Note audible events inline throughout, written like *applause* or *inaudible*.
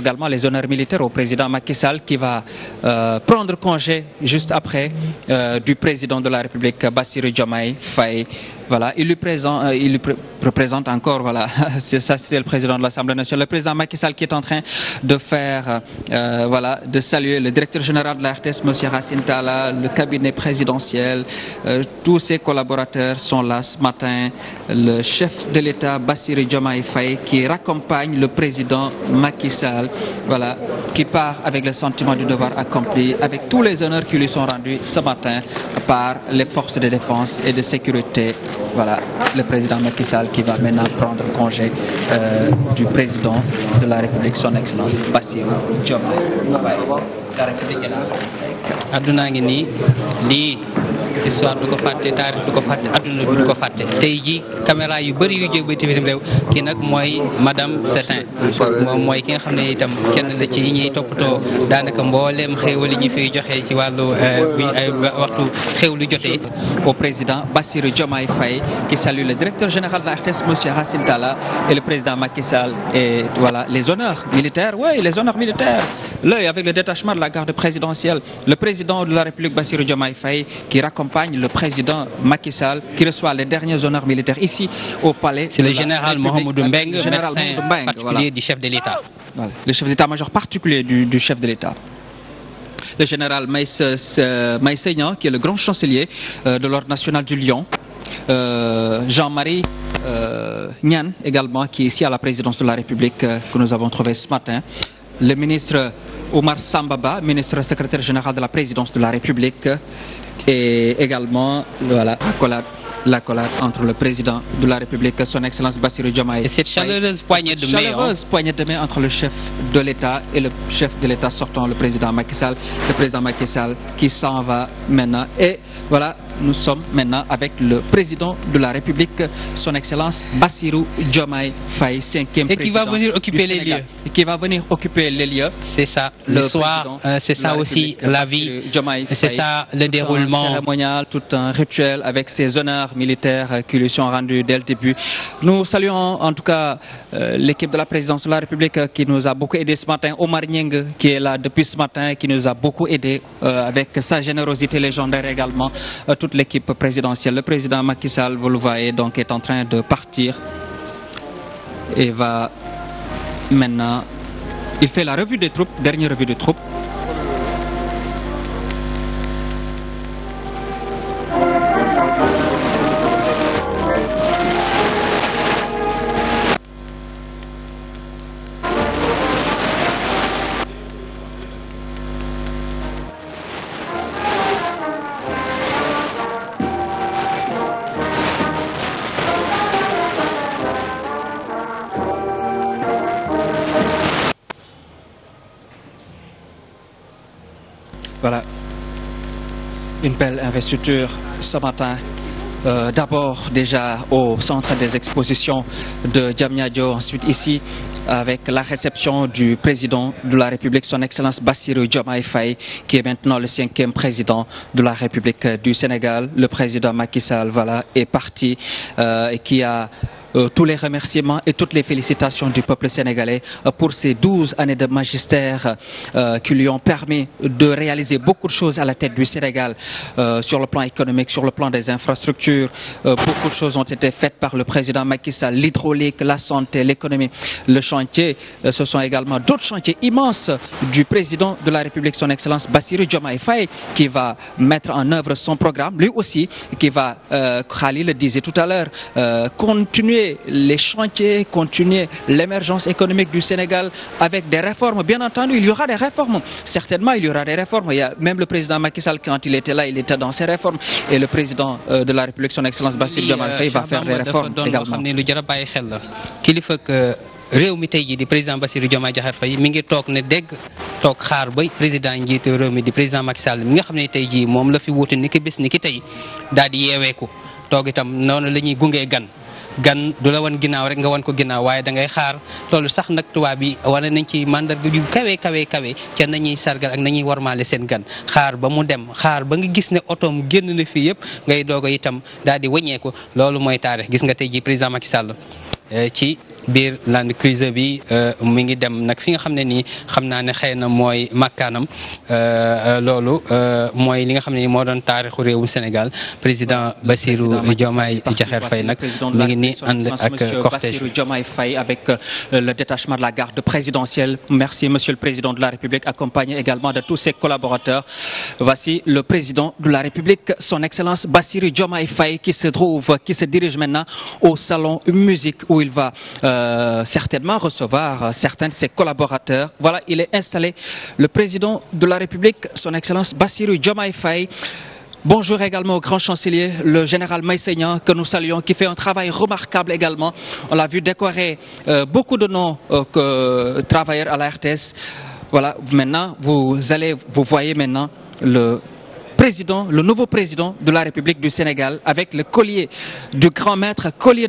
également les honneurs militaires au président Macky Sall qui va euh, prendre congé juste après euh, du président de la République bassire Diomaye Faye Voilà, il lui présente, euh, il représente encore, voilà, *laughs* c'est ça, c'est le président de l'Assemblée nationale, le président Macky qui est en train de faire, euh, saluer le directeur général de la RTS, Monsieur Racine Tala, le cabinet présidentiel, euh, tous ses collaborateurs sont là ce matin, le chef de l'État, Bassiri Diomaye Faye, qui raccompagne le président Macky Sall, voilà, qui part avec le sentiment du devoir accompli, avec tous les honneurs qui lui sont rendus ce matin par les forces de défense et de sécurité voilà, le président Macky Sall qui va maintenant prendre congé euh, du président de la République, son excellence Bassirou Diomaye Faye. La ngi histoire du ko fàtte taarix du ko fàtte adduna du ko fàtte tey ji caméra yu bëri yu jóg ba timitam réew kii nag mooy madame Setin moom mooy ki xam ne itam kenn la ci ñuy toppatoo daanaka mbooleem xéewali ñi fiy joxe ci wàllu euh, bu ay waxtu xéew lu jotee au président Bassirou Diomaye Faye qui salue le directeur général de la RTS monsieur Hassim Tala et le président Macky Sall et voilà les honneurs militaires oui les honneurs militaires l'œil avec le détachement de la le président accompagne le président Macky Sall qui reçoit les derniers honneurs militaires ici au palais. C'est le général Mohamedou Mbeng, général médecin Mbeng, particulier voilà. du chef de l'État. Voilà. Le chef d'état-major particulier du, du chef de l'État le général Maïseignan, euh, qui est le grand chancelier euh, de l'Ordre national du Lion. Euh, Jean-Marie euh, Nyan également, qui est la présidence de la République, euh, que nous avons trouvé ce matin. Le ministre Omar Sambaba, ministre et également voilà, accolade la collade entre le président de la République, son Excellence Bassirou Diomaye. Et cette chaleureuse poignée de main. Chaleureuse poignée de main entre le chef de l'État et le chef de l'État sortant, le président Macky Sall. Le président Macky Sall qui s'en va maintenant. Et voilà, nous sommes maintenant avec le président de la République, son Excellence Bassirou Diomaye Faye, cinquième président. du Sénégal, Et qui va venir occuper les lieux. C'est ça, le, euh, c'est ça aussi la vie. C'est ça le déroulement. Un cérémonial, tout un rituel avec ses honneurs militaires euh, qui lui sont rendus dès le début. Nous saluons en tout cas euh, l'équipe de la présidence de la République qui nous a beaucoup aidé ce matin. Omar Nying qui est là depuis ce matin, qui nous toute l'équipe présidentielle. Le président Macky Sall, vous le voyez, donc, est en train de partir et va maintenant. Il fait la revue des troupes, dernière revue des troupes. Voilà. Une belle investiture ce matin. Euh, D'abord déjà au centre des expositions de Diamniadio, ensuite ici avec la réception du président de la République, son Excellence Bassirou Diomaye Faye, qui est maintenant le cinquième président de la République du Sénégal. Le président Macky Sall voilà, est parti euh, et qui a Euh, tous les remerciements et toutes les félicitations du peuple sénégalais euh, pour ces douze années de magistère euh, qui lui ont permis de réaliser beaucoup de choses à la tête du Sénégal sur le plan économique, sur le plan des infrastructures. Beaucoup de choses ont été faites par le président Macky Sall, l'hydraulique, la santé, l'économie, le chantier. Ce sont également d'autres chantiers immenses du président de la République, son Excellence Bassirou Diomaye Faye, qui va mettre en œuvre son laisser les chantiers continuer l'émergence économique du Sénégal avec des réformes. Bien entendu, il y aura des réformes. Certainement, il y aura des réformes. Il y a même le président Macky Sall, quand il était là, il était dans ses réformes. Et le président euh, de la République, son Excellence Bassirou Diomaye Faye, va faire euh, di président Bassirou Diomaye Diakhar Faye mi ngi toog ne dégg toog xaar ba président njiitu réew mi di président Macky Sall mi nga xam ne tey jii moom la fi wuute ni ki bés ni ki tey daal di yeeweeku toog itam noonu la ñuy gungee gan gan du la wan ginnaaw rek nga wan ko ginnaaw waaye dangay xaar loolu sax nag tubaab yi wane nañ ci mandarga yu kawe kawe kawe ca nañuy sargal ak nañuy warmaale seen gan xaar ba mu dem xaar ba nga gis ne mu génn na fii yëpp ngay doog itam daal di wëññeeku loolu mooy taarix gis nga tey ji président Macky Sall eh, ci biir Land Cruiser bi euh, mi ngi dem nag fi nga xam ne nii xam na ne xëy na mooy makkaanam euh, euh, loolu mooy li nga xam ne nii moo doon taarixu réewum Sénégal président Bassirou Diomaye Diakhar Faye nag mi ngi nii ànd ak cortège Diomaye Faye avec le détachement de la garde présidentielle merci monsieur le président de la République accompagné également de tous ses collaborateurs voici le président de la République son excellence Bassirou Diomaye Faye qui se trouve qui se dirige maintenant au salon euh, certainement recevoir euh, certains de ses collaborateurs. Voilà, il est installé le président de la République, son Excellence Bassirou Diomaye Faye. Bonjour au grand chancelier, le général Maïseignan, que nous saluons, qui fait un travail remarquable également. On l'a vu décorer euh, beaucoup de noms euh, travailleurs à la RTS. Voilà, maintenant, vous allez, vous voyez maintenant le nouveau président de la République du Sénégal, avec le collier du grand maître, collier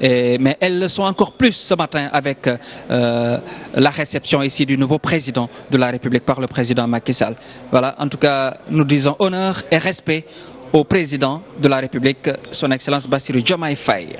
Et, mais elles le sont encore plus ce matin avec euh, la réception ici du nouveau président de la République par le président Macky Sall. Voilà, en tout cas, nous disons honneur et respect au président de la République, son Excellence Bassirou Diomaye Faye.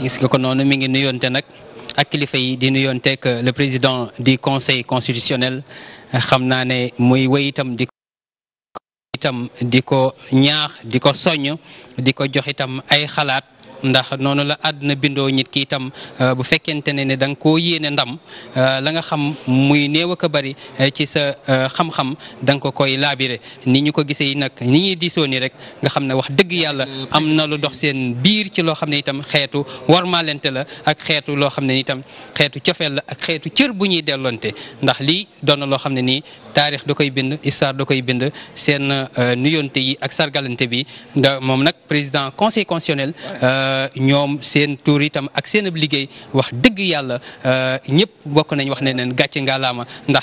gis nga ko noonu mi ngi nuyoonte nag ak kilifa yi di nuyoonteeg le président du conseil constitutionnel xam naa ne muy wéy itam itam di ko ñaax di ko soññ ay xalaat. ndax noonu la àdduna bindoo nit ki itam euh, bu fekkente ne ne danga nga koo yéene ndam euh, la nga xam muy néew ak bari euh, ci sa xam-xam da ko koy laabire ni ñu ko gisee nag ni ñuy diisoo ni rek nga xam ne wax dëgg yàlla am na lu dox seen biir ci loo xam ne itam xeetu warmaalente la ak xeetu loo xam ne itam xeetu cofeel la ak xeetu cër bu ñuy delloonte ndax lii doon na loo xam ne nii taarix da koy bind histoire da koy bind seen nuyonte yi ak sargalante bi Euh, ñoom seen tuur itam ak seen ab liggéey wax dëgg yàlla euh, ñëpp bokk nañ wax ne gàcc gàcce ngalaama ndax